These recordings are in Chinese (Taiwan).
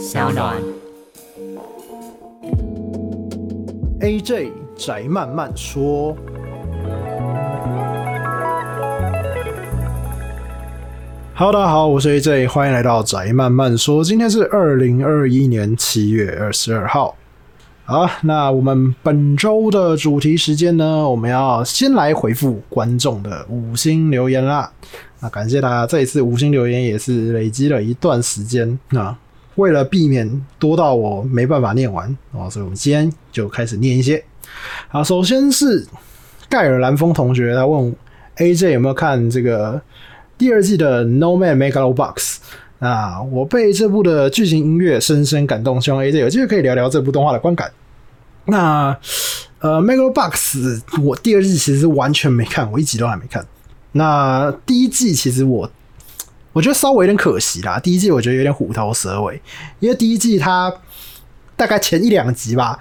SoundOn A Jie 宅漫慢說。Hello，大家好，我是 A Jie，歡迎來到宅漫慢說。今天是二零二一年七月二十二號。好，那我們本周的主題時間呢，我們要先來回復觀眾的五星留言啦。那感謝大家，這一次五星留言也是累積了一段時間啊。嗯為了避免多到我沒辦法念完啊、哦，所以我們今天就開始念一些。啊，首先是蓋爾蘭峰同學他問 A J 有沒有看這個第二季的《Nomad Megalobox》啊，我被這部的劇情音樂深深感動，希望 A J 有機會可以聊聊這部動畫的觀感。那呃，《Megalobox》我第二季其實完全沒看，我一集都還沒看。那第一季其實我。我覺得稍微有點可惜啦，第一季我覺得有點虎頭蛇尾，因為第一季他大概前一兩集吧，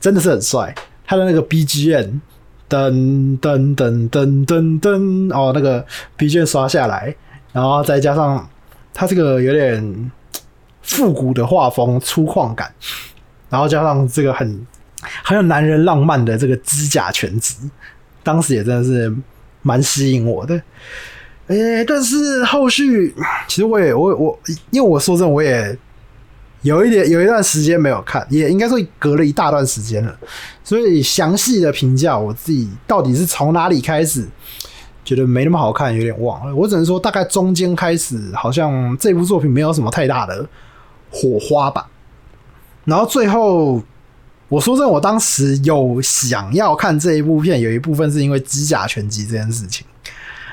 真的是很帥，他的那個 BGM 噔噔噔噔噔噔，噔，噔，噔哦，那個 BGM 刷下來，然後再加上他這個有點復古的畫風、粗獷感，然後加上這個很很有男人浪漫的這個機甲全職，當時也真的是蠻吸引我的。誒、欸，但是後續其實我也我我，因為我說真的我也有一點有一段時間沒有看，也應該說隔了一大段時間了，所以詳細的評價我自己到底是從哪裡開始覺得沒那麼好看，有點忘了。我只能說大概中間開始，好像這部作品沒有什麼太大的火花吧。然後最後我說真的，我當時有想要看這一部片，有一部分是因為機甲拳擊這件事情。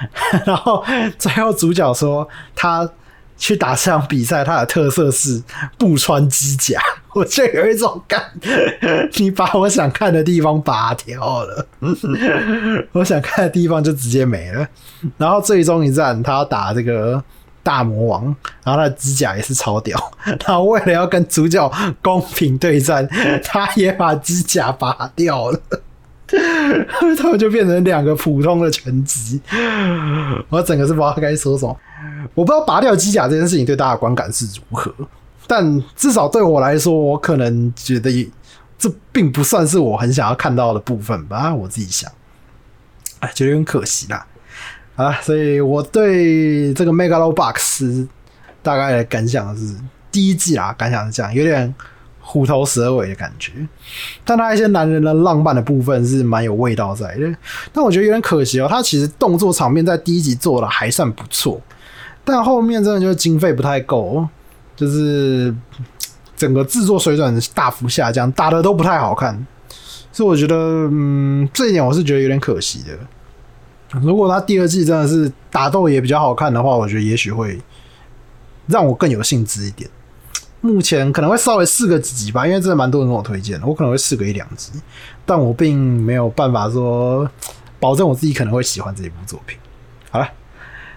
然後最後主角說他去打這場比賽，他的特色是不穿機甲。我就有一種感覺，你把我想看的地方拔掉了，我想看的地方就直接沒了。然後最終一戰，他要打這個大魔王，然後他的機甲也是超屌。然後為了要跟主角公平對戰，他也把機甲拔掉了。 他們就變成兩個普通的拳擊，我整個是不知道該說什麼。我不知道拔掉機甲這件事情對大家的觀感是如何，但至少對我來說，我可能覺得這並不算是我很想要看到的部分吧。我自己想，哎，覺得很可惜啦。啊，所以我對這個 Megalo Box 大概的感想是第一季啊，感想是這樣，有點。虎頭蛇尾的感覺，但他一些男人的浪漫的部分是蠻有味道在的，但我覺得有點可惜哦、喔。他其實動作場面在第一集做的還算不錯，但後面真的就是經費不太夠，就是整個制作水準大幅下降，打的都不太好看。所以我覺得，嗯，這一點我是覺得有點可惜的。如果他第二季真的是打鬥也比較好看的話，我覺得也許會讓我更有興致一點。目前可能會稍微試個幾集吧，因為真的蠻多人跟我推薦的，我可能會試個一兩集，但我並沒有辦法說保證我自己可能會喜歡這一部作品。好了，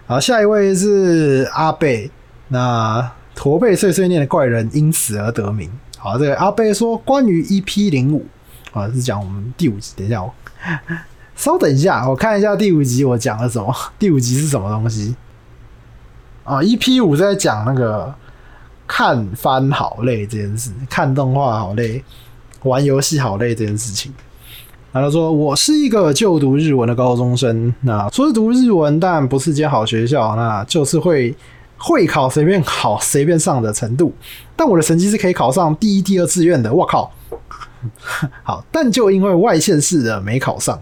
好，下一位是阿貝，那駝背碎碎念的怪人因此而得名。好，這個阿貝說關於 EP 零五啊，是講我們第五集。等一下我，我稍等一下，我看一下第五集我講了什麼。第五集是什麼東西？啊，EP 五在講那個。看番好累這件事，看動畫好累，玩遊戲好累這件事情。然後說，我是一個就讀日文的高中生。那說是讀日文，但不是間好學校，那就是會會考隨便考，隨便上的程度。但我的成績是可以考上第一、第二志願的，我靠！好，但就因為外縣市的沒考上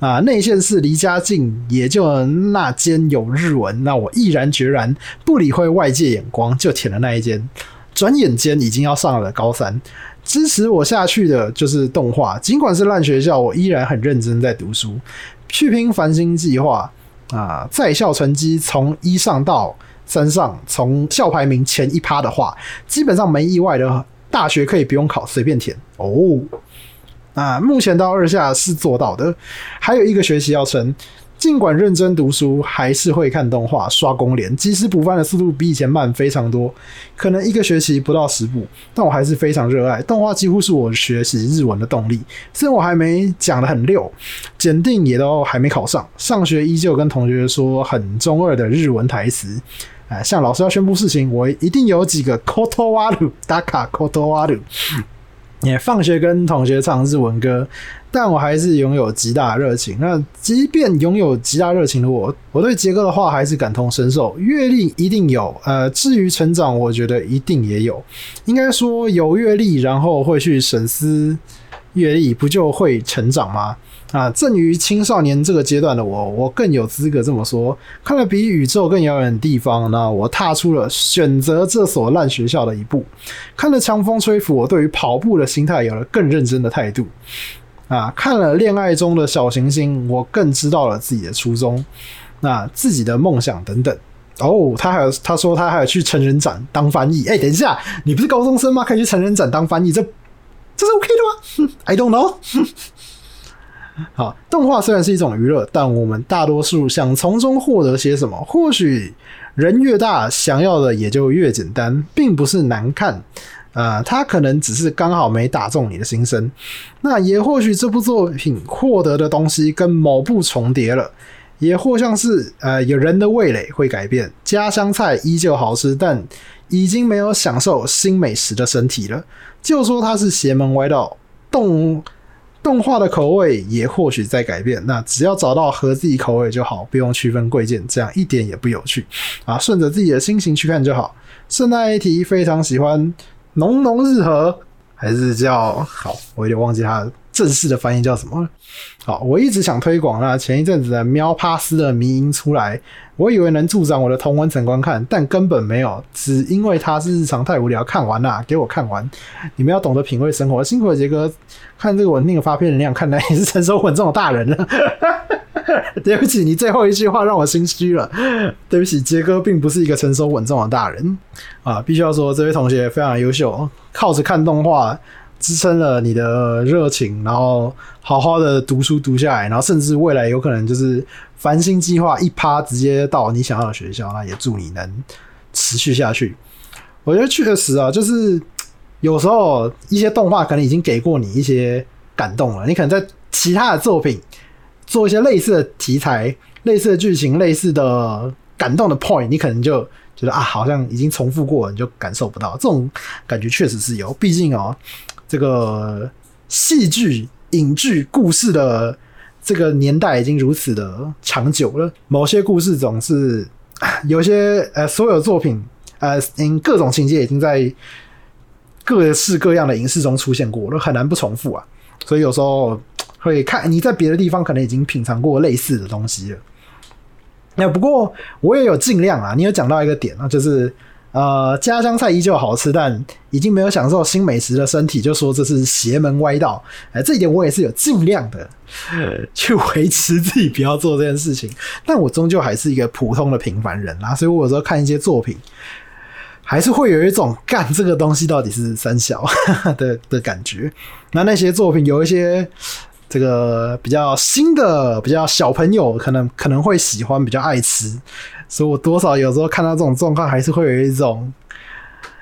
啊、呃，內縣市離家近，也就那間有日文，那我毅然決然不理會外界眼光，就填了那一間。轉眼間已經要上了高三，支持我下去的就是動畫，儘管是爛學校，我依然很認真在讀書，去拼繁星計劃啊、呃！在校成績從一上到。身上從校排名前一趴的話，基本上沒意外的，大學可以不用考，隨便填哦。啊，目前到二下是做到的，還有一個學期要成。儘管認真讀書，還是會看動畫、刷公聯，即使補番的速度比以前慢非常多，可能一個學期不到十部，但我還是非常熱愛動畫，幾乎是我學習日文的動力。雖然我還沒講得很溜，檢定也都還沒考上，上學依舊跟同學說很中二的日文台詞。哎，像老師要宣布事情，我一定有幾個 a 頭挖腦打卡 KotoWalu，也放學跟同學唱日文歌，但我還是擁有極大的熱情。那即便擁有極大熱情的我，我對杰哥的話還是感同身受。閱歷一定有，呃，至於成長，我覺得一定也有。應該說有閱歷，然後會去深思閱歷，不就會成長嗎？啊，正於青少年這個階段的我，我更有資格這麼說。看了《比宇宙更遙遠的地方》，那我踏出了選擇這所爛學校的一步。看了強風吹拂，我對於跑步的心態有了更認真的態度。啊，看了戀愛中的小行星，我更知道了自己的初衷，那自己的夢想等等。哦、oh，他還有，他說他還要去成人展當翻譯。哎，等一下，你不是高中生嗎？可以去成人展當翻譯？這這是 OK 的嗎？I don't know。 好、哦，動畫雖然是一種娛樂，但我們大多數想從中獲得些什麼？或許人越大，想要的也就越簡單，並不是難看。呃，它可能只是剛好沒打中你的心聲。那也或許這部作品獲得的東西跟某部重疊了，也或像是呃，有人的味蕾會改變，家鄉菜依舊好吃，但已經沒有享受新美食的身體了。就說它是邪門歪道，動。動畫的口味也或許在改變，那只要找到合自己口味就好，不用區分貴賤，這樣一點也不有趣啊！順着自己的心情去看就好。順帶一提，非常喜歡《濃濃日和》，還是叫好，我有點忘記它正式的翻譯叫什麼了。我一直想推廣啊，前一陣子的喵帕斯的迷因出來，我以為能助長我的同溫層觀看，但根本沒有，只因為他是日常太無聊，看完啦，啊，給我看完。你們要懂得品味生活，辛苦了傑哥。看這個穩定的發片量，看來也是成熟穩重的大人了。 對不起，你最後一句話讓我心虛了。對不起，傑哥並不是一個成熟穩重的大人啊，必須要說這位同學非常優秀，靠着看動畫。支撐了你的熱情，然後好好的讀書讀下來，然後甚至未來有可能就是繁星計劃一趴直接到你想要的學校。那也祝你能持續下去。我覺得確實啊，就是有時候一些動畫可能已經給過你一些感動了，你可能在其他的作品做一些類似的題材、類似的劇情、類似的感動的 point，你可能就覺得啊，好像已經重複過了，你就感受不到，這種感覺確實是有，畢竟哦、喔。這個戲劇、影劇故事的這個年代已經如此的長久了，某些故事總是有些呃，所有作品呃，各種情節已經在各式各樣的影視中出現過了，很難不重複啊。所以有時候會看你在別的地方可能已經品嘗過類似的東西了。那不過我也有盡量啊，你有講到一個點啊，就是。呃，家鄉菜依舊好吃，但已經沒有享受新美食的身體，就說這是邪門歪道。哎、欸，這一點我也是有儘量的去維持自己不要做這件事情，但我終究還是一個普通的平凡人啦。所以我有時候看一些作品，還是會有一種幹這個東西到底是三小 的的感覺。那那些作品有一些這個比較新的，比較小朋友可能可能會喜歡，比較愛吃。所以，我多少有時候看到這種狀況，還是會有一種，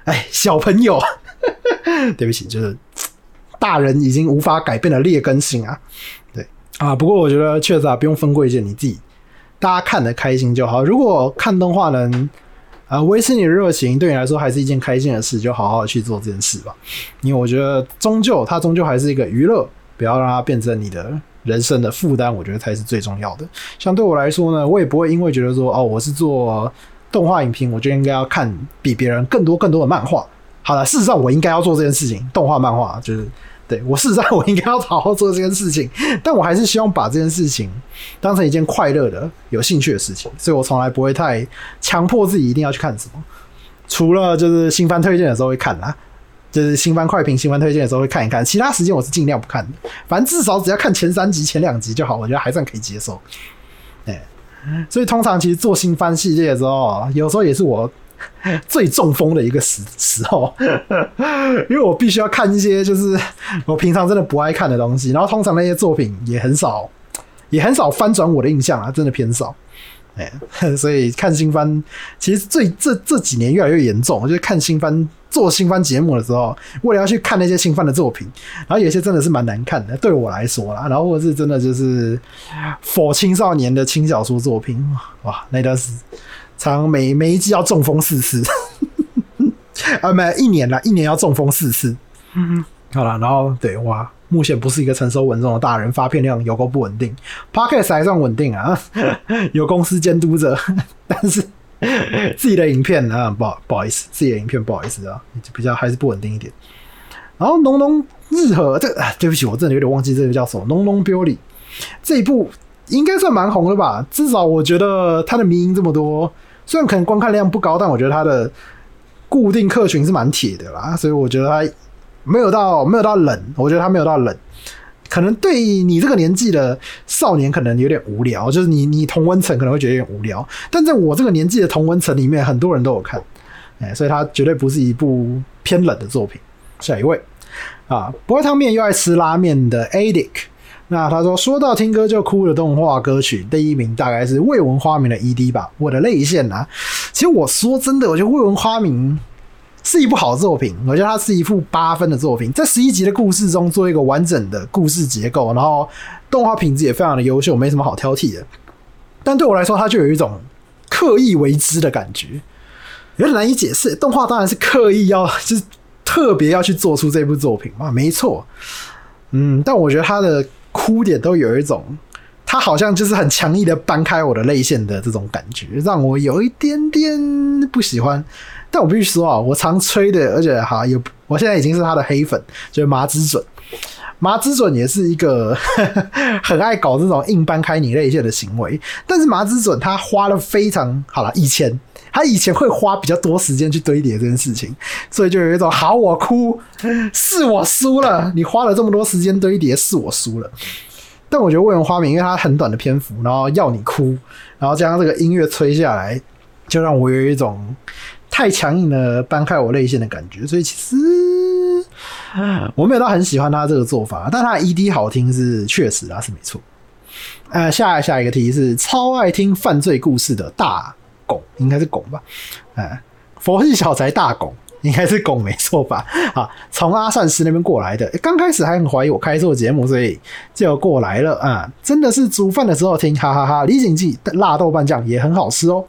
哎，小朋友， 對不起，就是大人已經無法改變的劣根性啊。對啊，不過我覺得確實啊，不用分貴賤，你自己，大家看得開心就好。如果看動畫能啊維持你的熱情，對你來說還是一件開心的事，就好好去做這件事吧。因為我覺得，終究它終究還是一個娛樂，不要讓它變成你的。人生的負擔，我覺得才是最重要的。相對我來說呢，我也不會因為覺得說哦，我是做動畫影評，我就應該要看比別人更多更多的漫畫。好了，事實上我應該要做這件事情，動畫漫畫就是對我。事實上我應該要好好做這件事情，但我還是希望把這件事情當成一件快樂的、有興趣的事情，所以我從來不會太強迫自己一定要去看什麼，除了就是新番推薦的時候會看啦。就是新番快評、新番推薦的時候會看一看，其他時間我是盡量不看的。反正至少只要看前三集、前兩集就好，我覺得還算可以接受。哎，所以通常其實做新番系列的時候，有時候也是我最中風的一個時時候，因為我必須要看一些就是我平常真的不愛看的東西。然後通常那些作品也很少，也很少翻轉我的印象啊，真的偏少。哎，所以看新番其實最這這幾年越來越嚴重，就是看新番。做新番節目的時候，為了要去看那些新番的作品，然後有些真的是蠻難看的，對我來說啦，然後或者是真的就是，for 青少年的輕小說作品，哇，那段時常每每一季要中風四次，啊、 嗯，沒一年啦，一年要中風四次，嗯哼，好啦，然後對，哇，目前不是一個成熟穩重的大人，發片量有夠不穩定，Podcast 還算穩定啊， 有公司監督着，但是。 自己的影片啊，不好不好意思，自己的影片不好意思啊，比較還是不穩定一點。然後濃濃日和，這對不起，我真的有點忘記這個叫什麼。濃濃 beauty。這一部應該算蠻紅的吧，至少我覺得它的迷因這麼多，雖然可能觀看量不高，但我覺得它的固定客群是蠻鐵的啦，所以我覺得他沒有到沒有到冷，我覺得他沒有到冷。可能對你這個年紀的少年可能有點無聊，就是你你同溫層可能會覺得有點無聊，但在我這個年紀的同溫層裡面，很多人都有看，哎、所以它絕對不是一部偏冷的作品。下一位啊，不愛湯麵又愛吃拉麵的 Adic，那他說，說到聽歌就哭的動畫歌曲，第一名大概是未聞花名的 ED 吧，我的淚腺吶、啊。其實我說真的，我覺得未聞花名。是一部好作品，我覺得它是一部八分的作品，在十一集的故事中做一個完整的故事結構，然後動畫品質也非常的優秀，沒什麼好挑剔的。但對我來說，它就有一種刻意為之的感覺，有點難以解釋。動畫當然是刻意要，就是特別要去做出這部作品嘛，沒錯。嗯，但我覺得它的哭點都有一種。他好像就是很強硬的搬開我的淚腺的這種感覺，讓我有一點點不喜歡。但我必須說啊，我常吹的，而且哈，有我現在已經是他的黑粉，就是麻枝准。麻枝准也是一個呵呵很愛搞這種硬搬開你淚腺的行為。但是麻枝准他花了非常好了，以前他以前會花比較多時間去堆疊這件事情，所以就有一種好我哭，是我輸了，你花了這麼多時間堆疊，是我輸了。但我覺得《未聞花名》，因為它很短的篇幅，然後要你哭，然後加上這個音樂催下來，就讓我有一種太強硬的搬開我淚腺的感覺，所以其實我沒有到很喜歡他這個做法，但他的 ED 好聽是確實啊，是沒錯。呃，下下一個題是超愛聽犯罪故事的大拱，應該是拱吧？哎、呃，佛系小宅大拱。應該是拱沒錯吧？啊，從阿善師那邊過來的，剛開始還很懷疑我開錯節目，所以就過來了。啊、嗯，真的是煮飯的時候聽，哈哈哈，哈！李錦記辣豆瓣醬也很好吃哦。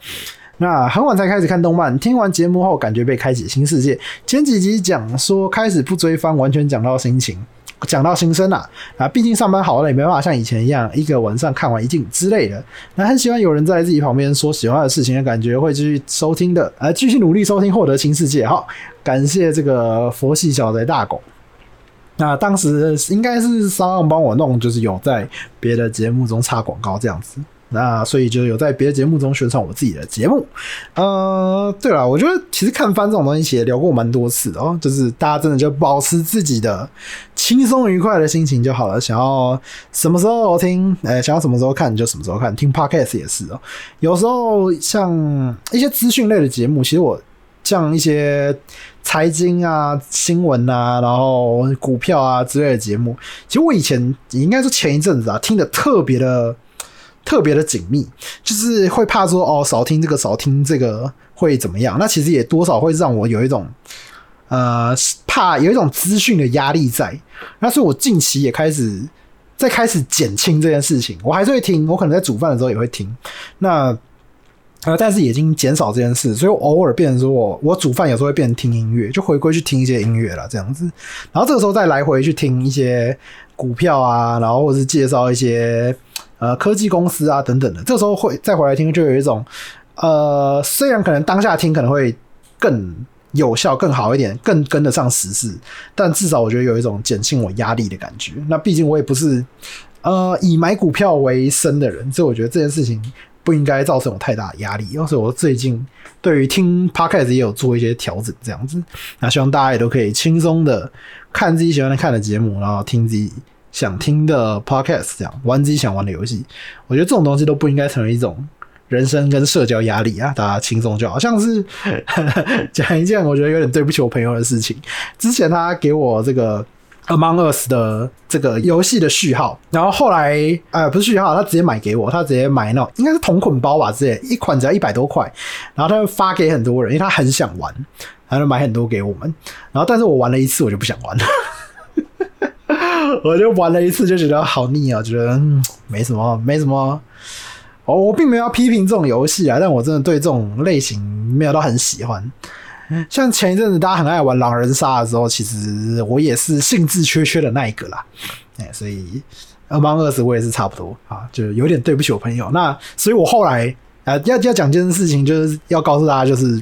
那很晚才開始看動漫，聽完節目後感覺被開啟新世界。前幾集講說開始不追番，完全講到心情。講到新生啦，啊，畢竟上班好累，也沒辦法像以前一樣一個晚上看完一集之類的。那很喜歡有人在自己旁邊說喜歡的事情，感覺會繼續收聽的，啊、呃，繼續努力收聽獲得新世界哈。感謝這個佛系小賊大狗。那當時應該是 SoundOn 幫我弄，就是有在別的節目中插廣告這樣子。那所以就有在別的節目中宣傳我自己的節目，呃，對啦，我覺得其實看番這種東西也聊過蠻多次哦，就是大家真的就保持自己的輕鬆愉快的心情就好了。想要什麼時候聽，呃，想要什麼時候看就什麼時候看。聽 podcast 也是哦，有時候像一些資訊類的節目，其實我像一些財經啊、新聞啊、然後股票啊之類的節目，其實我以前應該說前一陣子啊聽得特別的。特別的緊密，就是會怕說哦，少聽這個，少聽這個會怎麼樣？那其實也多少會讓我有一種呃，怕有一種資訊的壓力在。那所以我近期也開始在開始減輕這件事情。我還是會聽，我可能在煮飯的時候也會聽。那呃，但是已經減少這件事，所以我偶爾變成說我我煮飯有時候會變成聽音樂，就回歸去聽一些音樂了這樣子。然後這個時候再來回去聽一些股票啊，然後或是介紹一些。呃，科技公司啊，等等的，這時候會再回來聽，就有一種，呃，雖然可能當下聽可能會更有效、更好一點，更跟得上時事，但至少我覺得有一種減輕我壓力的感覺。那畢竟我也不是呃以買股票為生的人，所以我覺得這件事情不應該造成我太大的壓力。因是我最近對於聽 Podcast 也有做一些調整，這樣子。那希望大家也都可以輕鬆的看自己喜歡看的節目，然後聽自己。想聽的 Podcast，這樣，玩自己想玩的遊戲。我覺得這種東西都不應該成為一種人生跟社交壓力啊！大家輕鬆就好。像是講一件我覺得有點對不起我朋友的事情。之前他給我這個 Among Us 的這個遊戲的序號，然後後來呃，不是序號，他直接買給我，他直接買那種應該是同捆包吧之類，直接一款只要一百多塊，然後他就發給很多人，因為他很想玩，他就買很多給我們。然後但是我玩了一次，我就不想玩了。我就玩了一次，就覺得好膩啊，覺得、嗯、沒什麼，沒什麼。哦、oh,，我並沒有要批評這種遊戲啊，但我真的對這種類型沒有到很喜歡。像前一陣子大家很愛玩狼人殺的時候，其實我也是興致缺缺的那一個啦。哎，所以二班二十，我也是差不多啊，就有點對不起我朋友。那所以我後來啊、呃，要要講這件事情，就是要告訴大家，就是。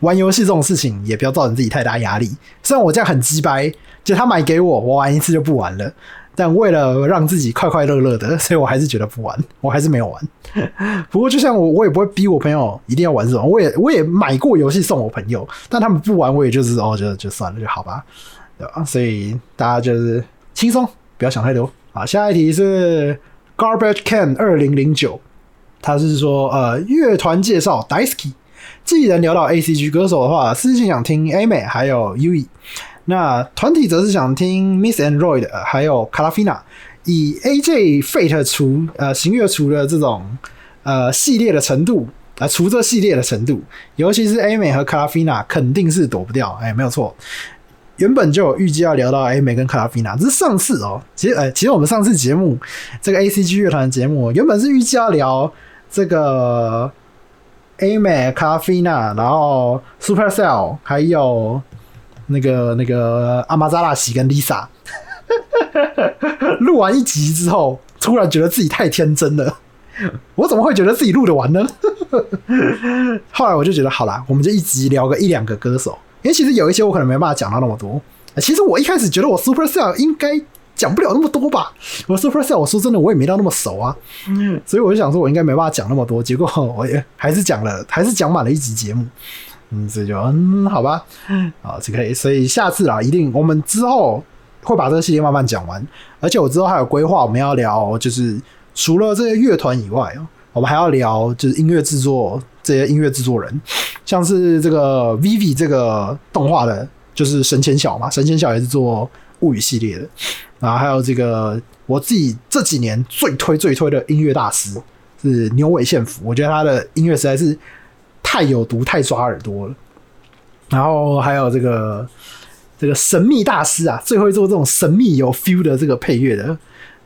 玩遊戲這種事情，也不要造成自己太大壓力。雖然我這樣很雞掰，就他買給我，我玩一次就不玩了。但為了讓自己快快樂樂的，所以我還是覺得不玩，我還是沒有玩。 不過就像我，我也不會逼我朋友一定要玩這種。我也我也買過遊戲送我朋友，但他們不玩，我也就是哦，就就算了，就好吧，對吧？所以大家就是輕鬆，不要想太多。好，下一題是 Garbage Can 二零零九，他是說呃樂團介紹 Daisky。既然聊到 ACG 歌手的話，私信想聽 Aimer 還有 Yui，那團體則是想聽 MYTH & ROID 還有 Kalafina，以 A Jie Fate 廚呃型月廚的這種呃系列的程度啊、呃，廚這系列的程度，尤其是 Aimer 和 Kalafina 肯定是躲不掉。哎，沒有錯，原本就有預計要聊到 Aimer 跟 Kalafina，這是上次哦，其實呃，其實我們上次節目這個 ACG 樂團節目原本是預計要聊這個。Aimer、Kalafina 然後 Super Cell，還有那個、那個阿瑪扎拉西跟 Lisa，錄 完一集之後，突然覺得自己太天真了。 我怎麼會覺得自己錄得完呢？ 後來我就覺得好啦，我們就一集聊個一兩個歌手，因為其實有一些我可能沒辦法講到那麼多。其實我一開始覺得我 Super Cell 應該。講不了那麼多吧？我說 Professor，我說真的，我也沒到那麼熟啊，嗯，所以我就想說，我應該沒辦法講那麼多，結果我也還是講了，還是講滿了一集節目，嗯，所以就嗯，好吧，好，OK，所以下次啊，一定我們之後會把這個系列慢慢講完，而且我之後還有規劃，我們要聊就是除了這些樂團以外，我們還要聊就是音樂製作這些音樂製作人，像是這個 Vivi 這個動畫的，就是神前曉嘛，神前曉也是做。物語系列的。然後還有這個我自己這幾年最推最推的音樂大師是牛尾憲輔，我覺得他的音樂實在是太有毒，太抓耳朵了。然後還有這個這個神秘大師啊，最會做這種神秘有 feel 的這個配樂的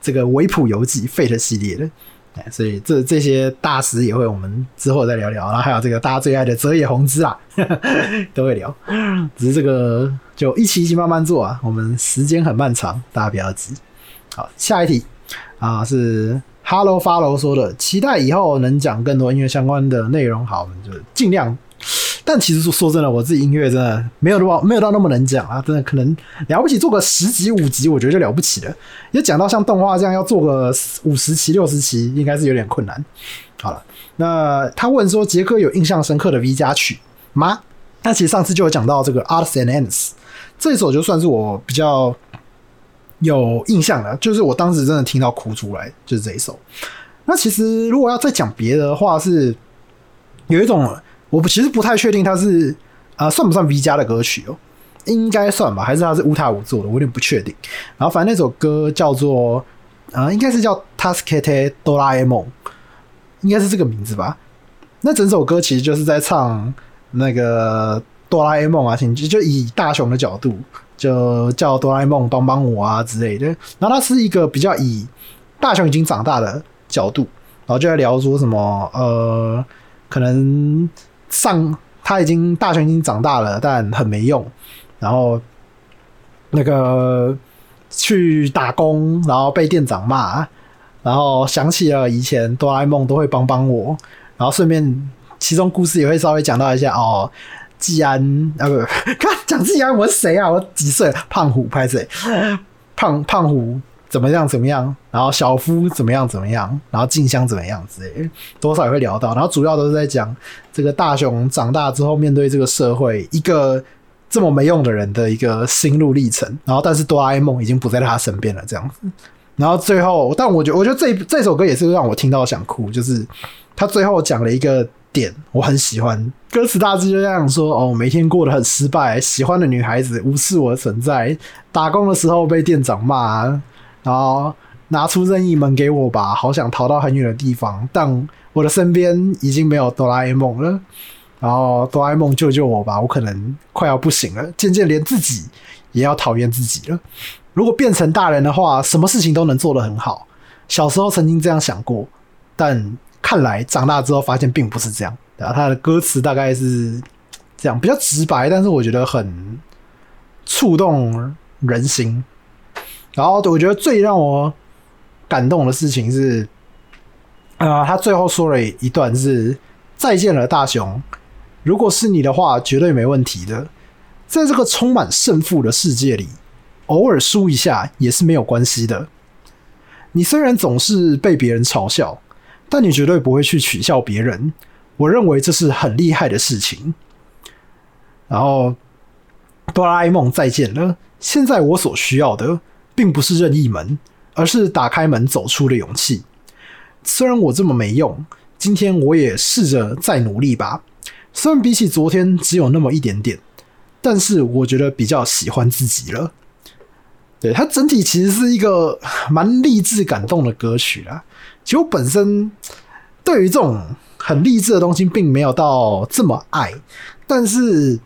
這個梶浦由記，Fate 系列的。哎，所以這這些大師也會我們之後再聊聊，然後還有這個大家最愛的澤野弘之啊，哈哈，都會聊。只是這個就一期一期慢慢做啊，我們時間很漫長，大家不要急。好，下一題啊，是 Hello Fellow 說的，期待以後能講更多音樂相關的內容。好，我們就儘量。但其實說說真的，我自己音樂真的沒有那麼沒有到那麼能講啊，真的可能了不起做個十集五集，我覺得就了不起了。也講到像動畫這樣，要做個五十集、六十集，應該是有點困難。好了，那他問說杰克有印象深刻的 V 家曲嗎？那其實上次就有講到這個 Arts and Ends 這一首，就算是我比較有印象了，就是我當時真的聽到哭出來，就是這一首。那其實如果要再講別的話，是有一種。我其實不太確定它是啊、呃，算不算 V 家的歌曲哦、喔？應該算吧，還是它是烏塔五做的？我有點不確定。然後，反正那首歌叫做啊、呃，應該是叫《Tasukete 哆啦 A 夢》，應該是這個名字吧。那整首歌其實就是在唱那個哆啦 A 夢啊，就就以大雄的角度，就叫哆啦 A 夢幫幫我啊之類的。然後它是一個比較以大雄已經長大的角度，然後就在聊說什麼呃，可能。上他已經大雄已經長大了，但很沒用。然後那個去打工，然後被店長罵，然後想起了以前哆啦 A 夢都會幫幫我，然後順便其中故事也會稍微講到一下哦。技安啊，不，剛講技安我是誰啊？我幾歲？胖虎拍謝？胖胖虎。怎麼樣？怎麼樣？然後小夫怎麼樣？怎麼樣？然後靜香怎麼樣子？多少也會聊到。然後主要都是在講這個大雄長大之後面對這個社會，一個這麼沒用的人的一個心路歷程。然後但是哆啦 A 夢已經不在他身邊了，這樣子。然後最後，但我覺得，我覺得這這首歌也是讓我聽到想哭。就是他最後講了一個點，我很喜歡。歌詞大致就這樣說：哦，每天過得很失敗，喜歡的女孩子無視我的存在，打工的時候被店長罵。然後拿出任意門給我吧，好想逃到很遠的地方，但我的身邊已經沒有哆啦 A 夢了。然後哆啦 A 夢救救我吧，我可能快要不行了。漸漸連自己也要討厭自己了。如果變成大人的話，什麼事情都能做得很好。小時候曾經這樣想過，但看來長大之後發現並不是這樣。然後他的歌詞大概是這樣，比較直白，但是我覺得很觸動人心。然後我覺得最讓我感動的事情是，啊、呃，他最後說了一段是再見了，大雄。如果是你的話，絕對沒問題的。在這個充滿勝負的世界裡，偶爾輸一下也是沒有關係的。你雖然總是被別人嘲笑，但你絕對不會去取笑別人。我認為這是很厲害的事情。然後，哆啦 A 夢再見了。現在我所需要的。並不是任意門，而是打開門走出的勇氣。雖然我這麼沒用，今天我也試着再努力吧。雖然比起昨天只有那麼一點點，但是我覺得比較喜歡自己了。對，它整體其實是一個蠻勵志、感動的歌曲啦。其實我本身對於這種很勵志的東西並沒有到這麼愛，但是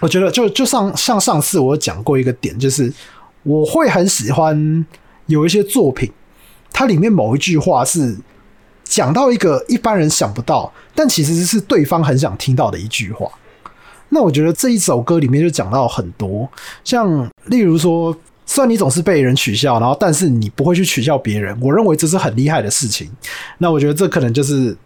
我覺得就就上像，像上次我講過一個點，就是。我會很喜歡有一些作品，它裡面某一句話是講到一個一般人想不到，但其實是對方很想聽到的一句話。那我覺得這一首歌裡面就講到很多，像例如說，雖然你總是被人取笑，然後但是你不會去取笑別人，我認為這是很厲害的事情。那我覺得這可能就是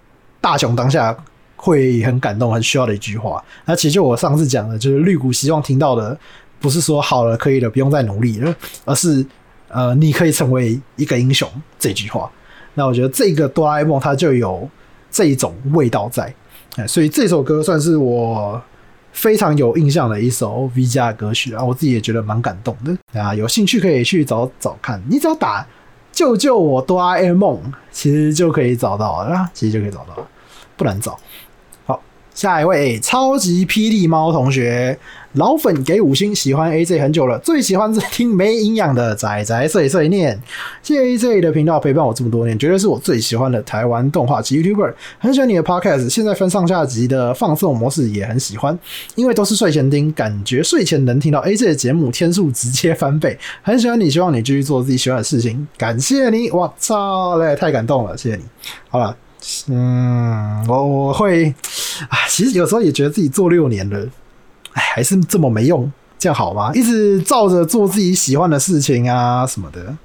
大雄當下會很感動、很需要的一句話。那其實就我上次講的就是綠谷希望聽到的。不是說好了可以了，不用再努力了，而是，呃，你可以成為一個英雄，這句話。那我覺得這個哆啦 A 夢它就有這一種味道在，所以這首歌算是我非常有印象的一首 V 家的歌曲，然後我自己也覺得蠻感動的。啊，有興趣可以去找找看，你只要打救救我哆啦 A 夢，其實就可以找到了，啊，其實就可以找到了，不難找。下一位、欸、超級霹靂貓同學，老粉給五星，喜歡 A Jie 很久了，最喜歡是聽沒營養的宅宅碎碎念。謝謝 A Jie 的頻道陪伴我這麼多年，絕對是我最喜歡的台灣動畫級 YouTuber。很喜歡你的 Podcast，現在分上下集的放送模式也很喜歡，因為都是睡前聽，感覺睡前能聽到 A Jie 的節目，天數直接翻倍。很喜歡你，希望你繼續做自己喜歡的事情。感謝你，我操嘞，太感動了，謝謝你。好了。嗯，我我會啊，其實有時候也覺得自己做六年了，哎，還是這麼沒用，這樣好嗎？一直照着做自己喜歡的事情啊什麼的，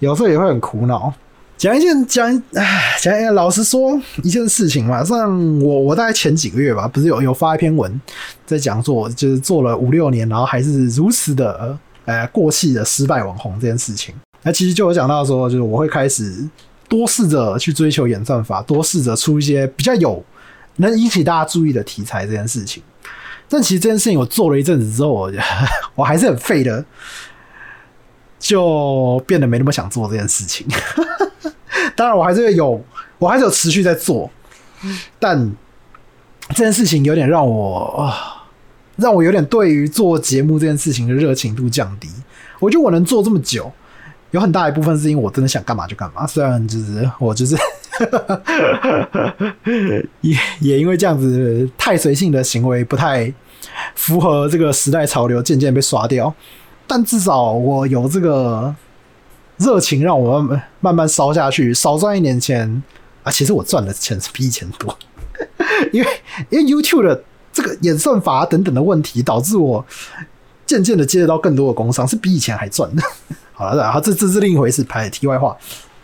有時候也會很苦惱。講一件講哎，講，老實說一件事情嘛，像我我大概前幾個月吧，不是有有發一篇文在講做，就是做了五六年，然後還是如此的哎、呃、過氣的失敗網紅這件事情。那、啊、其實就有講到說，就是我會開始。多試着去追求演算法，多試着出一些比較有能引起大家注意的題材這件事情。但其實這件事情我做了一陣子之後，我還是很廢的，就變得沒那麼想做這件事情。當然，我還是有，我還是有持續在做，但這件事情有點讓我啊，讓我有點對於做節目這件事情的熱情度降低。我覺得我能做這麼久，有很大一部分是因為我真的想幹嘛就幹嘛，雖然就是我就是也 也因為這樣子太隨性的行為不太符合這個時代潮流，漸漸被刷掉。但至少我有這個熱情讓我慢慢慢慢燒下去，少賺一點錢啊！其實我賺的錢是比以前多，因為因為 YouTube 的這個演算法等等的問題導致我。漸漸的接得到更多的工商，是比以前還賺的。 好了，然後這這是另一回事，拍題外話。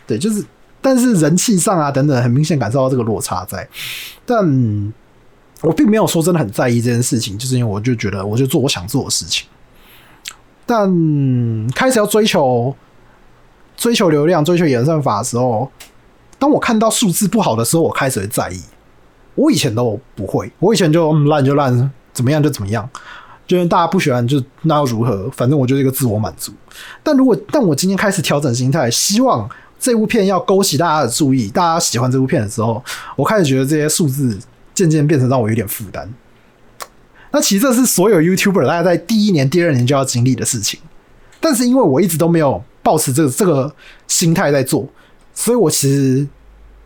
對，就是，但是人氣上啊，等等，很明顯感受到這個落差在。但我並沒有說真的很在意這件事情，就是因為我就覺得我就做我想做的事情。但開始要追求追求流量，追求演算法的時候，當我看到數字不好的時候，我開始會在意。我以前都不會，我以前就爛、嗯、就爛，怎麼樣就怎麼樣。就是大家不喜歡，就那又如何？反正我就是一個自我滿足。但如果但我今天開始調整心態，希望這部片要勾起大家的注意，大家喜歡這部片的時候，我開始覺得這些數字漸漸變成讓我有點負擔。那其實這是所有 YouTuber 大家在第一年、第二年就要經歷的事情。但是因為我一直都沒有抱持這個這個心態在做，所以我其實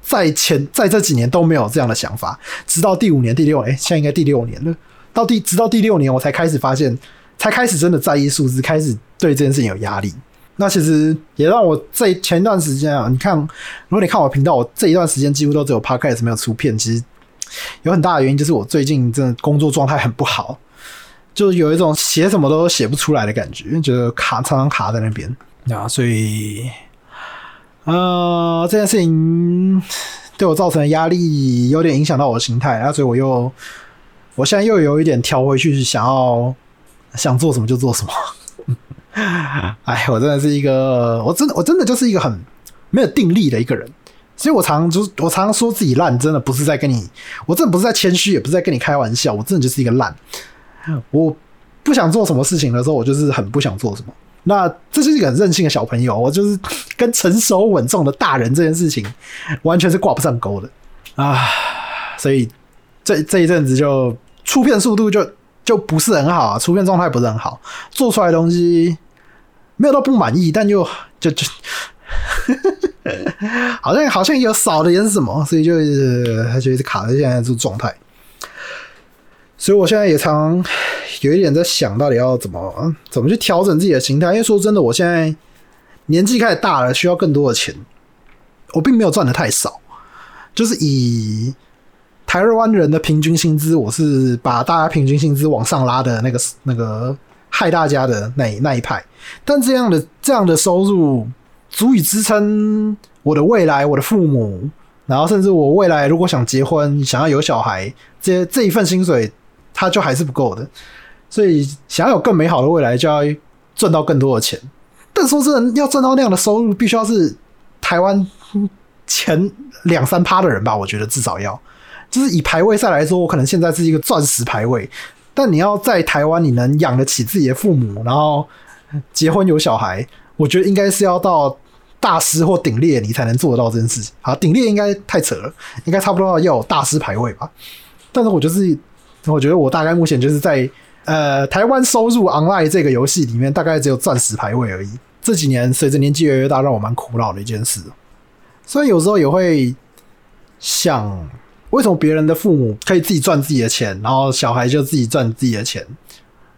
在前在這幾年都沒有這樣的想法。直到第五年、第六年，欸，現在應該第六年了。到第直到第六年，我才開始發現，才開始真的在意數字，開始對這件事情有壓力。那其實也讓我在前段時間啊，你看，如果你看我頻道，我這一段時間幾乎都只有 Podcast 沒有出片，其實有很大的原因就是我最近真的工作狀態很不好，就有一種寫什麼都寫不出來的感覺，覺得卡常常卡在那邊啊，所以，呃，這件事情對我造成的壓力有點影響到我的心態啊，所以我又。我現在又有一點調回去，想要想做什麼就做什麼。 哎，我真的是一個，我真的我真的就是一個很沒有定力的一個人，所以我常就是我常常說自己爛，真的不是在跟你，我真的不是在謙虛，也不是在跟你開玩笑，我真的就是一個爛。我不想做什麼事情的時候，我就是很不想做什麼。那這是一個很任性的小朋友，我就是跟成熟穩重的大人這件事情完全是掛不上鈎的啊。所以這這一陣子就。出片速度就就不是很好啊，出片狀態不是很好，做出來的東西沒有到不滿意，但又就就好像 好像有少了點什麼，所以就是他就一直卡在現在這個狀態。所以我現在也常有一點在想，到底要怎麼怎麼去調整自己的心態，因為說真的，我現在年紀開始大了，需要更多的錢。我並沒有賺得太少，就是以。台灣人的平均薪資，我是把大家平均薪資往上拉的那個、那個害大家的那那一派。但這樣的這樣的收入，足以支撐我的未來、我的父母，然後甚至我未來如果想結婚、想要有小孩，這這一份薪水，它就還是不夠的。所以想要有更美好的未來，就要賺到更多的錢。但說真的，要賺到那樣的收入，必須要是台灣前兩三趴的人吧？我覺得至少要。就是以排位賽來說，我可能現在是一個鑽石排位，但你要在台灣，你能養得起自己的父母，然後結婚有小孩，我覺得應該是要到大師或頂獵你才能做得到這件事情。好，頂獵應該太扯了，應該差不多要有大師排位吧。但是我覺得，我覺得我大概目前就是在呃台灣收入 online 這個遊戲裡面，大概只有鑽石排位而已。這幾年隨着年紀越來越大，讓我蠻苦惱的一件事。所以有時候也會想。為什麼別人的父母可以自己賺自己的錢，然後小孩就自己賺自己的錢？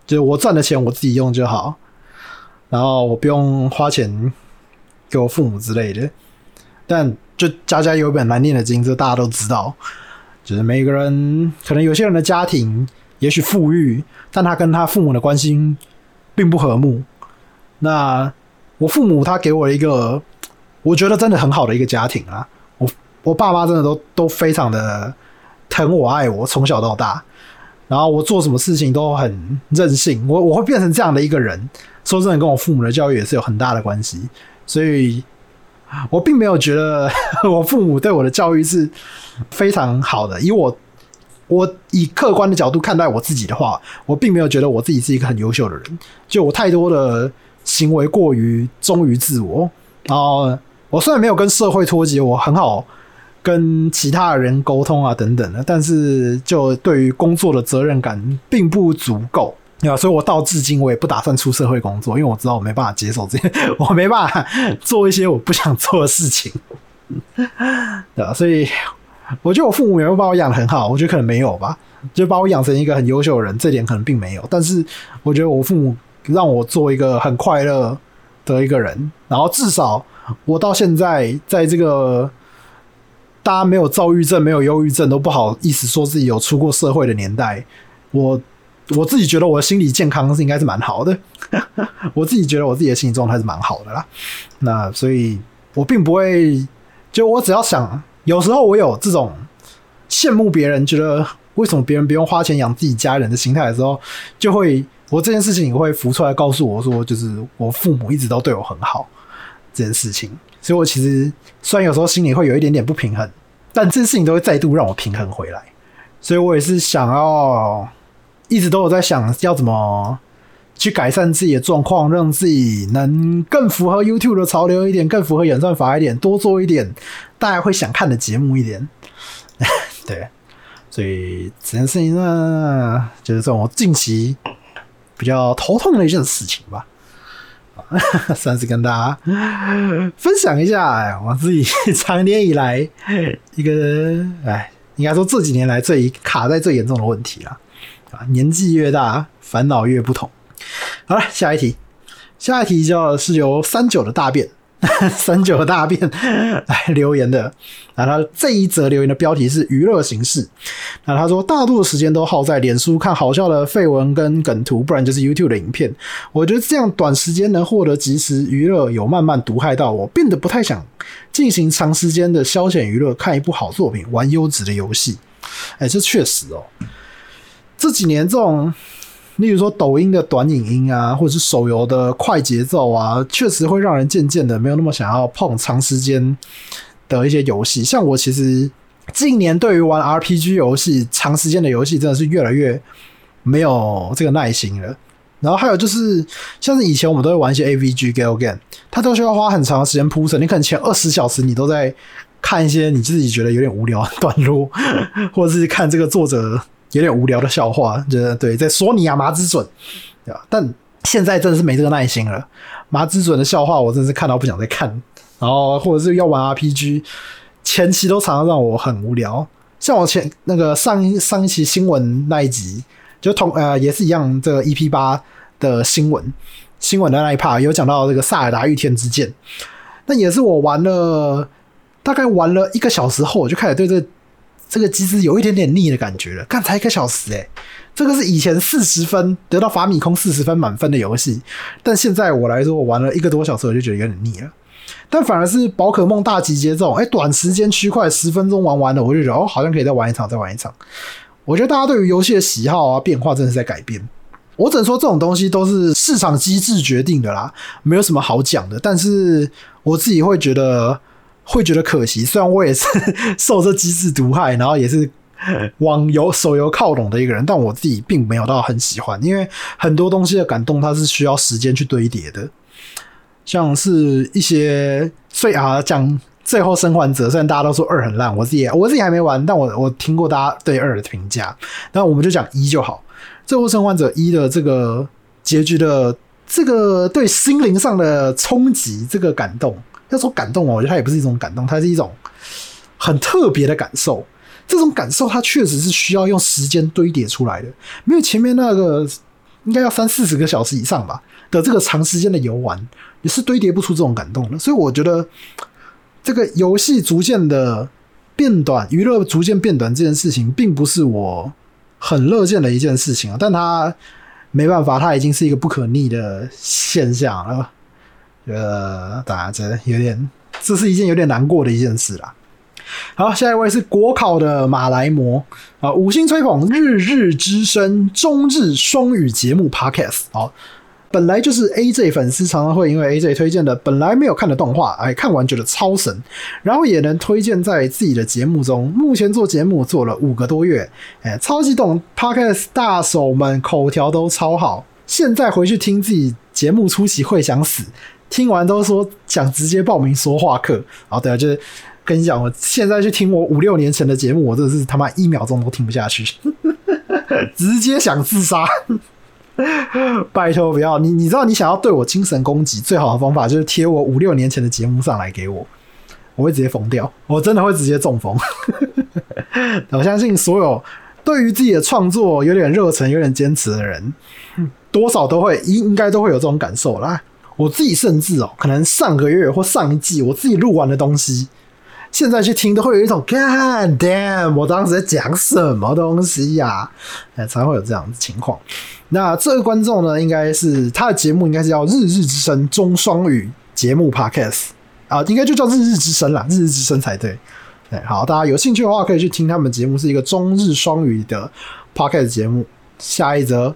就我賺的錢，我自己用就好，然後我不用花錢給我父母之類的。但就家家有本難念的經，這大家都知道。就是每個人，可能有些人的家庭也許富裕，但他跟他父母的關係並不和睦。那我父母他給我一個，我覺得真的很好的一個家庭啊。我爸媽真的都都非常的疼我愛我，從小到大，然後我做什麼事情都很任性，我我會變成這樣的一個人。說真的，跟我父母的教育也是有很大的關係。所以，我並沒有覺得我父母對我的教育是非常好的。以我，我以客觀的角度看待我自己的話，我並沒有覺得我自己是一個很優秀的人。就我太多的行為過於忠於自我，然後我雖然沒有跟社會脫節，我很好。跟其他人溝通啊，等等的，但是就對於工作的責任感並不足夠，對吧？所以我到至今，我也不打算出社會工作，因為我知道我沒辦法接受這些，我沒辦法做一些我不想做的事情，對吧？所以我覺得我父母有沒有把我養得很好，我覺得可能沒有吧，就把我養成一個很優秀的人，這點可能並沒有。但是我覺得我父母讓我做一個很快樂的一個人，然後至少我到現在在這個。大家沒有躁鬱症，沒有憂鬱症，都不好意思說自己有出過社會的年代。我我自己覺得我的心理健康是應該是蠻好的， 我自己覺得我自己的心理狀態是蠻好的啦。那所以，我並不會，就我只要想，有時候我有這種羨慕別人，覺得為什麼別人不用花錢養自己家人的心態的時候，就會我這件事情也會浮出來，告訴我說，就是我父母一直都對我很好，這件事情。所以我其實雖然有時候心裡會有一點點不平衡。但這件事情都會再度讓我平衡回來，所以我也是想要一直都有在想，要怎麼去改善自己的狀況，讓自己能更符合 YouTube 的潮流一點，更符合演算法一點，多做一點大家會想看的節目一點。 對，所以這件事情呢，就是這種近期比較頭痛的一件事情吧。哈哈，算是跟大家分享一下我自己長年以來一個人，哎，應該說這幾年來最卡在最嚴重的問題了。啊，年紀越大，煩惱越不同。好了，下一題，下一題就是由三九的大便。 三九大便來留言的，那他這一則留言的標題是娛樂形式。那他說，大多的時間都耗在臉書看好笑的廢文跟梗圖，不然就是 YouTube 的影片。我覺得這樣短時間能獲得即時娛樂，有慢慢毒害到我，變得不太想進行長時間的消遣娛樂，看一部好作品，玩優質的遊戲。哎，這確實哦、喔，這幾年這種。例如說抖音的短影音啊，或者是手遊的快節奏啊，確實會讓人漸漸的沒有那麼想要碰長時間的一些遊戲。像我其實近年對於玩 RPG 遊戲、長時間的遊戲真的是越來越沒有這個耐心了。然後還有就是，像是以前我們都會玩一些 AVG、Galgame，它都需要花很長的時間鋪設，你可能前二十小時你都在看一些你自己覺得有點無聊的段落，或者是看這個作者。有點無聊的笑話，就是對在說你啊麻之準，對吧？但現在真的是沒這個耐心了。麻之準的笑話我真的是看到不想再看，然後或者是要玩 RPG，前期都常常讓我很無聊。像我前那個上一上一期新聞那一集，就同呃也是一樣，這個 EP 八的新聞新聞的那一 part 有講到這個薩爾達御天之劍，那也是我玩了大概玩了一個小時後，我就開始對這。這個其實有一點點膩的感覺了，剛才一個小時誒、欸、這個是以前四十分得到法米空四十分滿分的遊戲，但現在我來說，我玩了一個多小時，我就覺得有點膩了。但反而是寶可夢大集結這種，誒短時間區塊十分鐘玩完了，我就覺得哦，好像可以再玩一場，再玩一場。我覺得大家對於遊戲的喜好啊變化，真的是在改變。我只能說這種東西都是市場機制決定的啦，沒有什麼好講的。但是我自己會覺得。會覺得可惜，雖然我也是 受這機制毒害，然後也是網遊、手遊靠攏的一個人，但我自己並沒有到很喜歡，因為很多東西的感動，它是需要時間去堆疊的。像是一些最啊講最後生還者，雖然大家都說二很爛，我自己我自己還沒玩，但我我聽過大家對二的評價，那我們就講一就好。最後生還者一的這個結局的這個對心靈上的衝擊，這個感動。那種感動哦，我覺得它也不是一種感動，它是一種很特別的感受。這種感受它確實是需要用時間堆疊出來的，沒有前面那個應該要三四十個小時以上吧的這個長時間的遊玩，也是堆疊不出這種感動的。所以我覺得這個遊戲逐漸的變短，娛樂逐漸變短這件事情，並不是我很樂見的一件事情啊。但它沒辦法，它已經是一個不可逆的現象了。呃打着有點，這是一件有點難過的一件事啦。好，下一位是國考的馬來魔啊，五星吹捧，日日之聲，中日雙語節目 Podcast。好，本來就是 AJ 粉絲常常會因為 AJ 推薦的本來沒有看的動畫，哎，看完覺得超神，然後也能推薦在自己的節目中。目前做節目做了五個多月，哎，超級懂 Podcast 大手們口條都超好，現在回去聽自己節目初期會想死。聽完都說想直接報名說話課，然後對啊，就是跟你講，我現在去聽我五六年前的節目，我真的是他媽一秒鐘都聽不下去， 直接想自殺。 拜託不要你，你知道你想要對我精神攻擊最好的方法就是貼我五六年前的節目上來給我，我會直接瘋掉，我真的會直接中風。 我相信所有對於自己的創作有點熱忱、有點堅持的人，多少都會應該都會有這種感受啦。我自己甚至哦，可能上個月或上一季我自己錄完的東西，現在去聽都會有一種 God damn，我當時在講什麼東西呀？哎，才會有這樣的情況。那這個觀眾呢，應該是他的節目應該是叫《日日之聲》中雙語節目 Podcast 啊、呃，應該就叫日日《日日之聲》啦，《日日之聲》才對。哎，好，大家有興趣的話可以去聽他們的節目，是一個中日雙語的 Podcast 節目。下一則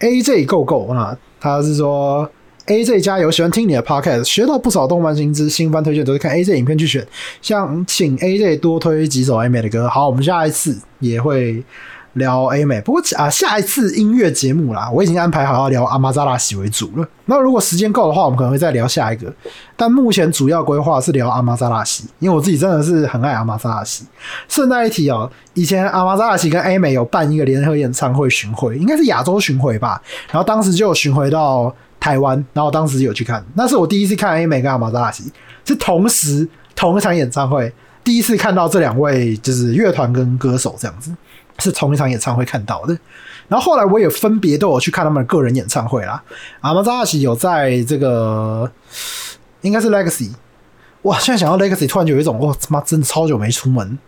AJ Go Go 啊，他是說。A J 加油，喜歡聽你的 Podcast，學到不少動漫新知。新番推薦都是看 A J 影片去選，像請 A J 多推幾首 A 美的歌。好，我們下一次也會聊 A 美，不過啊，下一次音樂節目啦，我已經安排好要聊阿馬扎拉西為主了。那如果時間夠的話，我們可能會再聊下一個。但目前主要規劃是聊阿馬扎拉西，因為我自己真的是很愛阿馬扎拉西。順帶一提哦、喔，以前阿馬扎拉西跟 A 美有辦一個聯合演唱會巡回，應該是亞洲巡回吧。然後當時就有巡回到。台灣，然後當時有去看，那是我第一次看 m 美跟阿瑪扎拉西，是同時同一場演唱會，第一次看到這兩位就是樂團跟歌手這樣子，是同一場演唱會看到的。然後後來我也分別都有去看他們的個人演唱會啦，阿瑪扎拉西有在這個，應該是 Legacy，哇，現在想到 Legacy，突然就有一種，哇、哦，他媽真的超久沒出門。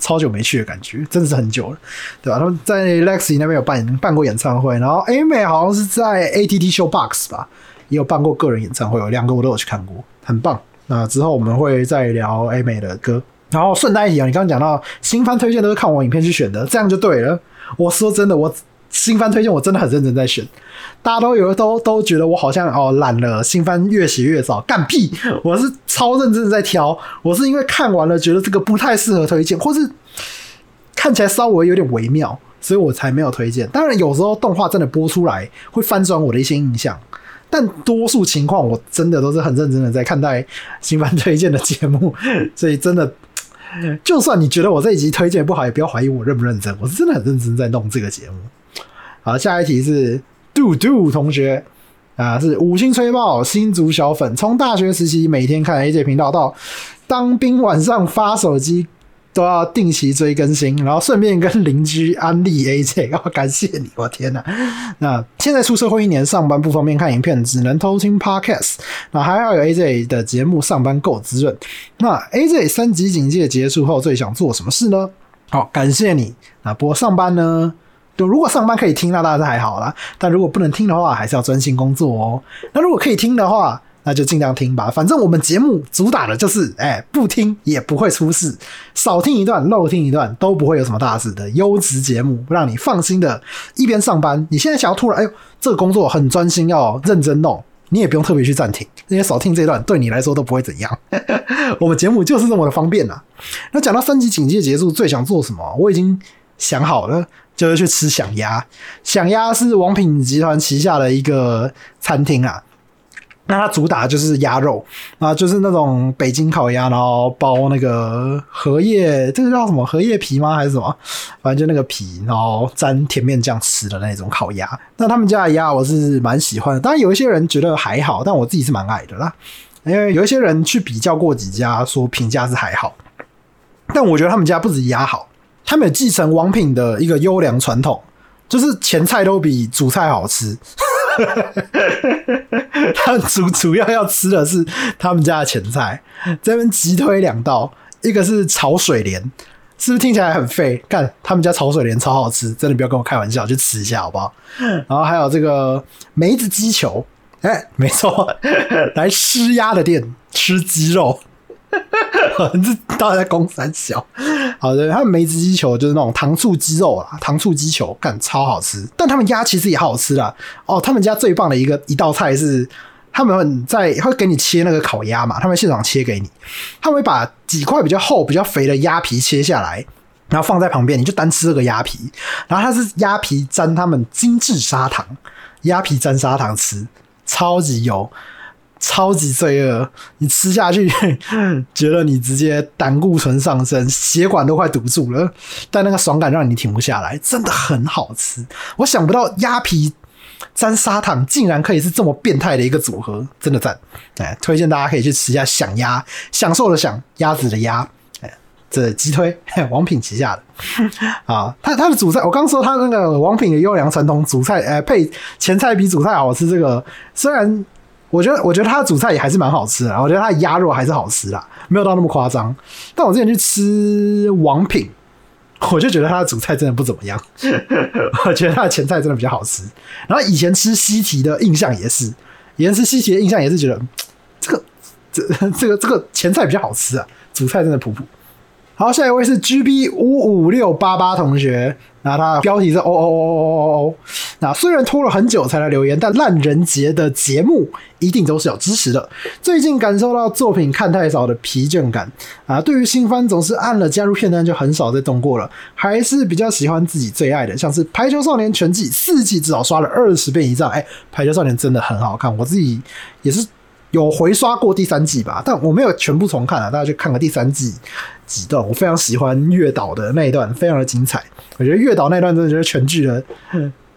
超久沒去的感覺，真的是很久了，對吧？他們在 Lexi 那邊有辦辦過演唱會，然後 A 妹好像是在 ATT Showbox 吧，也有辦過個人演唱會，有兩個我都有去看過，很棒。那之後我們會再聊 A 妹的歌，然後順帶一提啊，你剛剛講到新番推薦都是看我影片去選的，這樣就對了。我說真的，我。新番推薦我真的很認真在選，大家都有都都覺得我好像哦懶了，新番越寫越少，幹屁！我是超認真的在挑，我是因為看完了覺得這個不太適合推薦，或是看起來稍微有點微妙，所以我才沒有推薦。當然有時候動畫真的播出來會翻轉我的一些印象，但多數情況我真的都是很認真的在看待新番推薦的節目，所以真的，就算你覺得我這一集推薦不好，也不要懷疑我認不認真，我是真的很認真在弄這個節目。好，下一題是杜杜同學啊，是五星吹爆新竹小粉。從大學時期每天看 AJ 頻道，到當兵晚上發手機都要定期追更新，然後順便跟鄰居安利 AJ。哦，感謝你，我天哪、啊！那現在出社會一年，上班不方便看影片，只能偷聽 Podcast、啊。那還好有 AJ 的節目，上班夠滋潤。那 AJ 三級警戒結束後，最想做什麼事呢？好、哦，感謝你。那、啊、不過上班呢？就如果上班可以聽，那大家還好啦。但如果不能聽的話，還是要專心工作哦、喔。那如果可以聽的話，那就盡量聽吧。反正我們節目主打的就是，哎，不聽也不會出事，少聽一段、漏聽一段都不會有什麼大事的。優質節目讓你放心的，一邊上班，你現在想要突然，哎喲，這個工作很專心，要認真弄，你也不用特別去暫停，因為少聽這一段對你來說都不會怎樣。 我們節目就是這麼的方便呢、啊。那講到三級警戒結束，最想做什麼？我已經想好了。就是去吃享鴨，享鴨是王品集團旗下的一個餐廳啊。那它主打就是鴨肉啊，那就是那種北京烤鴨，然後包那個荷葉，這個叫什麼？荷葉皮嗎？還是什麼？反正就那個皮，然後沾甜麵醬吃的那種烤鴨。那他們家的鴨我是蠻喜歡的，當然有一些人覺得還好，但我自己是蠻愛的啦。因為有一些人去比較過幾家，說評價是還好，但我覺得他們家不只鴨好。他們繼承王品的一個優良傳統，就是前菜都比主菜好吃。 他們主主要要吃的是他們家的前菜。這邊急推兩道，一個是炒水蓮，是不是聽起來很廢？看他們家炒水蓮超好吃，真的不要跟我開玩笑，去吃一下好不好？然後還有這個梅子雞球，哎、欸，沒錯，來施壓的店吃雞肉。是 大概公三小 好，好的，他們梅子雞球就是那種糖醋雞肉啦，糖醋雞球乾超好吃。但他們鴨其實也好好吃的哦。他們家最棒的一個一道菜是他們在會給你切那個烤鴨嘛，他們現場切給你，他們會把幾塊比較厚、比較肥的鴨皮切下來，然後放在旁邊，你就單吃這個鴨皮。然後它是鴨皮沾他們精緻砂糖，鴨皮沾砂糖吃，超級油。超級罪惡，你吃下去，呵呵覺得你直接膽固醇上升，血管都快堵住了。但那個爽感讓你停不下來，真的很好吃。我想不到鴨皮沾砂糖竟然可以是這麼變態的一個組合，真的讚！哎、欸，推薦大家可以去吃一下，享鴨，享受了享鴨子的鴨。哎、欸，這雞推嘿王品旗下的 啊，他它的主菜，我剛說他那個王品的優良傳統主菜，呃、配前菜比主菜好吃。這個雖然。我覺得，我覺得他的主菜也還是蠻好吃的。我覺得他的鴨肉還是好吃的，沒有到那麼誇張。但我之前去吃王品，我就覺得他的主菜真的不怎麼樣。 我覺得他的前菜真的比較好吃。然後以前吃西提的印象也是，以前吃西提的印象也是覺得這個這這個這個前菜比較好吃啊，主菜真的普普。好，下一位是 GB 五五六八八同學。那他的標題是哦哦哦哦哦哦。那雖然拖了很久才來留言，但爛人節的節目一定都是有支持的。最近感受到作品看太少的疲倦感啊，對於新番總是按了加入片單就很少再動過了，還是比較喜歡自己最愛的，像是《排球少年》全季四季至少刷了二十遍以上。哎，《排球少年》真的很好看，我自己也是。有回刷過第三季吧，但我沒有全部重看啊，大家去看個第三季幾段，我非常喜歡月島的那一段，非常的精彩。我覺得月島那段真的就是全劇的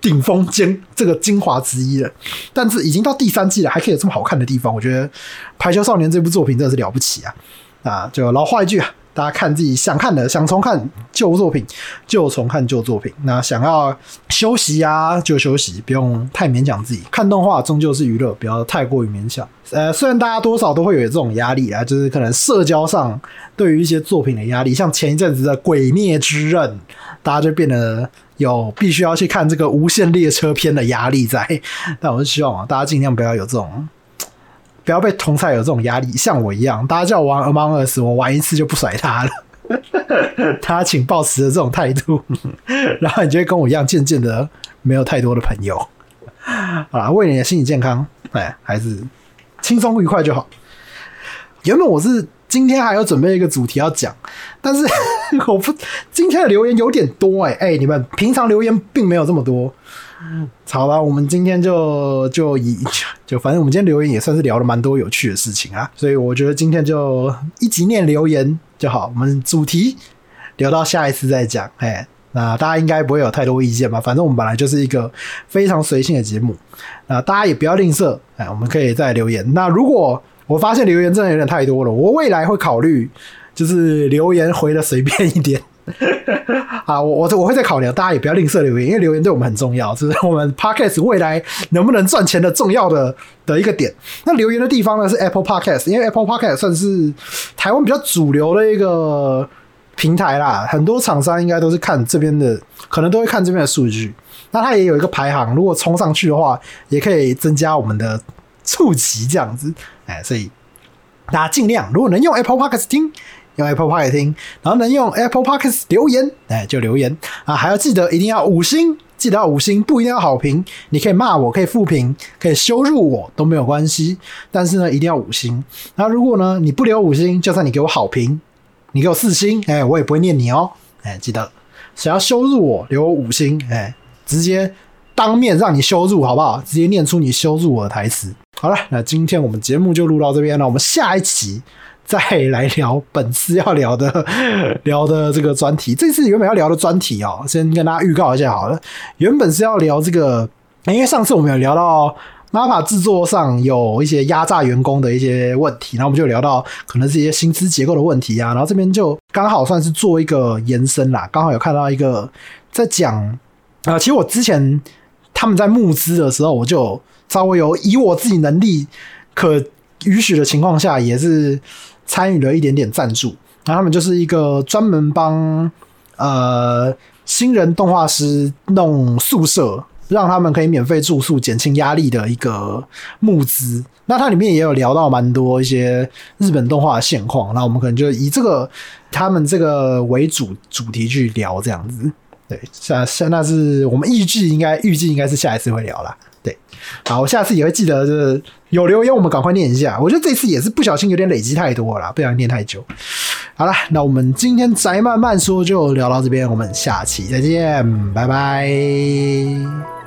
頂峰兼這個精華之一了。但是已經到第三季了，還可以有這麼好看的地方，我覺得《排球少年》這部作品真的是了不起啊。啊，就老話一句啊。大家看自己想看的，想重看舊作品就重看舊作品。那想要休息呀、啊、就休息，不用太勉強自己。看動畫終究是娛樂，不要太過於勉強。呃，雖然大家多少都會有這種壓力啊，就是可能社交上對於一些作品的壓力，像前一陣子的《鬼滅之刃》，大家就變得有必須要去看這個無限列車篇的壓力在。但我是希望大家盡量不要有這種。不要被同儕有這種壓力，像我一樣，大家叫我玩《Among Us》，我玩一次就不甩他了。 他請抱持的這種態度，然後你就會跟我一樣，漸漸的沒有太多的朋友啊。好啦，為你的心理健康，哎，還是輕鬆愉快就好。原本我是今天還有準備一個主題要講，但是我不今天的留言有點多哎、欸、哎，你們平常留言並沒有這麼多。嗯，好吧，我們今天就就以就反正我們今天留言也算是聊了蠻多有趣的事情啊，所以我覺得今天就一集念留言就好。我們主題聊到下一次再講，哎，那大家應該不會有太多意見吧？反正我們本來就是一個非常隨性的節目，那、呃、大家也不要吝嗇，哎，我們可以再留言。那如果我發現留言真的有點太多了，我未來會考慮就是留言回的隨便一點。好、 啊，我我我會再考量，大家也不要吝嗇留言，因為留言對我們很重要，就是我們 Podcast 未來能不能賺錢的重要的的一個點。那留言的地方呢是 Apple Podcast，因為 Apple Podcast 算是台灣比較主流的一個平台啦，很多廠商應該都是看這邊的，可能都會看這邊的數據。那它也有一個排行，如果衝上去的話，也可以增加我們的觸及，這樣子。哎，所以大家盡量，如果能用 Apple Podcast 聽。用 Apple Pay 聽，然後能用 Apple Podcasts 留言，哎，就留言啊！還要記得一定要五星，記得要五星，不一定要好評，你可以罵我，可以負評，可以羞辱我都沒有關係。但是呢，一定要五星。那如果呢，你不留五星，就算你給我好評，你給我四星，哎，我也不會念你哦，哎，記得想要羞辱我，留我五星，哎，直接當面讓你羞辱好不好？直接念出你羞辱我的台詞。好了，那今天我們節目就錄到這邊了，那我們下一期。再來聊本次要聊的、聊的這個專題。這次原本要聊的專題哦、喔，先跟大家預告一下好了。原本是要聊這個，因、欸、為上次我們有聊到 MAPPA 制作上有一些壓榨員工的一些問題，然後我們就聊到可能是一些薪資結構的問題啊。然後這邊就剛好算是做一個延伸啦，剛好有看到一個在講啊、呃，其實我之前他們在募資的時候，我就稍微有以我自己能力可允許的情況下，也是。參與了一點點贊助，然後他們就是一個專門幫呃新人動畫師弄宿舍，讓他們可以免費住宿，減輕壓力的一個募資。那它裡面也有聊到蠻多一些日本動畫的現況。那我們可能就以這個他們這個為主主題去聊這樣子。對，像像那是我們預計應該預計應該是下一次會聊啦。對，好，我下次也會記得，就是有留言，我們趕快念一下。我覺得這次也是不小心有點累積太多了啦，不想念太久。好了，那我們今天宅漫慢說就聊到這邊，我們下期再見，拜拜。